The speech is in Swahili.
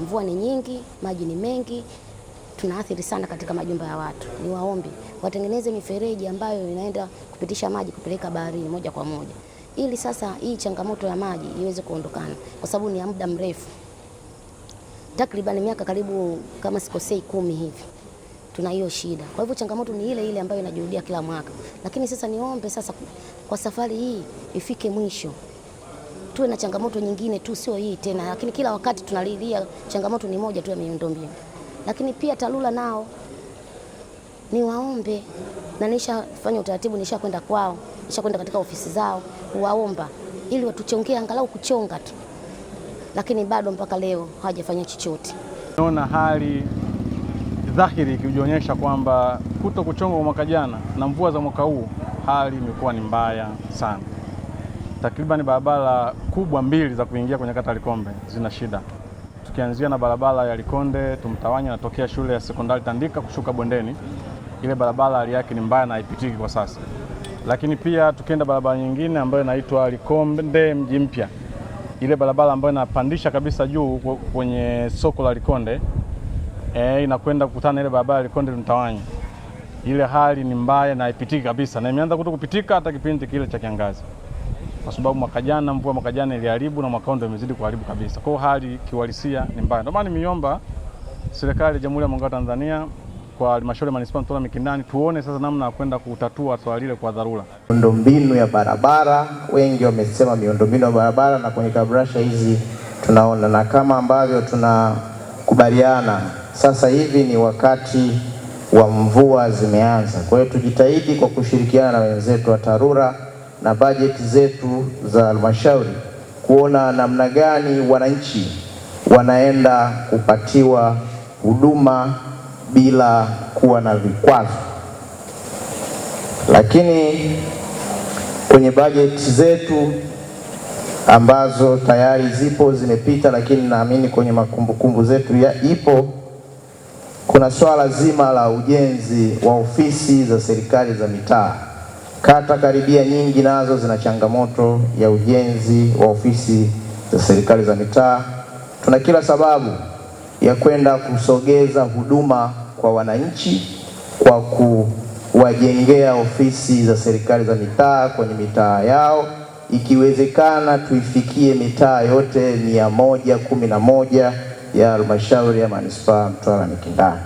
mvua ni nyingi, maji ni mengi, tunaathiri sana katika majumba ya watu. Ni watengeneze mifereji ambayo inaenda kupitisha maji kupeleka baharini moja kwa moja, ili sasa hii changamoto ya maji iweze kuondokana, kwa sababu ni ya muda mrefu, takriban miaka karibu kama sikosei kumi hivi tuna hiyo shida. Kwa hivyo changamoto ni ile ile ambayo inajirudia kila mwaka, lakini sasa niombe sasa kwa safari hii ifike mwisho tuwe na changamoto nyingine tu, sio hii tena, lakini kila wakati tunalilia changamoto ni moja tu ya miundombinu. Lakini pia TARURA nao ni waombe, na nishafanya utaratibu, nishakwenda kwao, nishakwenda katika ofisi zao kuwaomba ili watuchongee angalau kuchonga tu, lakini bado mpaka leo hawajafanya chochote. Naona hali dhahiri ikijionyesha kwamba kuto kuchonga mwaka jana na mvua za mwaka huu, hali imekuwa ni mbaya sana takribani barabara kubwa mbili za kuingia kwenye kata Likombe zina shida, tukianzia na barabara ya Likonde Tumtawanya natokea shule ya sekondari Tandika kushuka bondeni, ile barabara hali yake ni mbaya na haipitiki kwa sasa. Lakini pia tukienda barabara nyingine ambayo inaitwa Likonde mji mpya, ile barabara ambayo inapandisha kabisa juu kwenye soko la Likonde e, inakwenda kukutana ile barabara ya Likonde Tumtawanya, ile hali ni mbaya na haipitiki kabisa, na imeanza kuto kupitika hata kipindi kile cha kiangazi kwa sababu mwaka jana mvua mwaka jana iliharibu na mwaka ndo ndio imezidi kuharibu kabisa. Kwa hiyo hali kiuhalisia ni mbaya. Ndio maana nimeomba serikali ya Jamhuri ya Muungano wa Tanzania kwa halmashauri ya manispaa Mtwara Mikindani tuone sasa namna ya kwenda kutatua swala lile kwa dharura. Miundombinu ya barabara, wengi wamesema miundombinu ya barabara, na kwenye kabrasha hizi tunaona, na kama ambavyo tunakubaliana sasa hivi ni wakati wa mvua zimeanza. Kwa hiyo tujitahidi kwa kushirikiana na wenzetu wa TARURA na bajeti zetu za halmashauri kuona namna gani wananchi wanaenda kupatiwa huduma bila kuwa na vikwazo. Lakini kwenye bajeti zetu ambazo tayari zipo zimepita, lakini naamini kwenye makumbukumbu zetu ya ipo, kuna swala zima la ujenzi wa ofisi za serikali za mitaa. Kata karibia nyingi nazo zina changamoto ya ujenzi wa ofisi za serikali za mitaa. Tuna kila sababu ya kwenda kusogeza huduma kwa wananchi kwa kuwajengea ofisi za serikali za mitaa kwenye mitaa yao. Ikiwezekana tuifikie mitaa yote mia moja kumi na moja ya halmashauri ya manispaa Mtwara Mikindani.